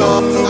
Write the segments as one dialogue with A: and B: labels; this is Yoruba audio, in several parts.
A: something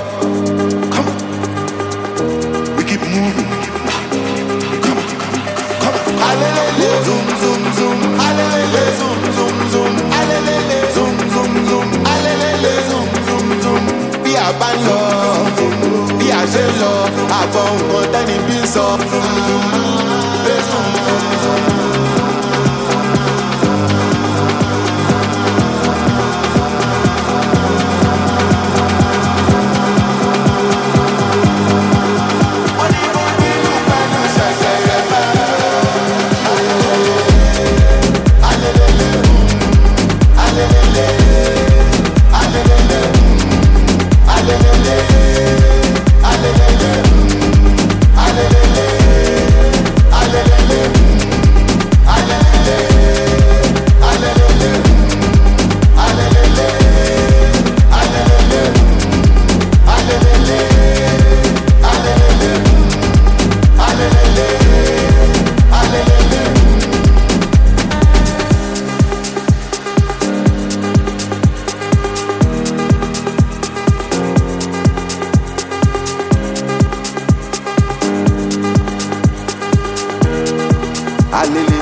A: bá ń lọ bí a ṣe ń lọ àbọ̀ nǹkan tẹ́ni bí sọ. live.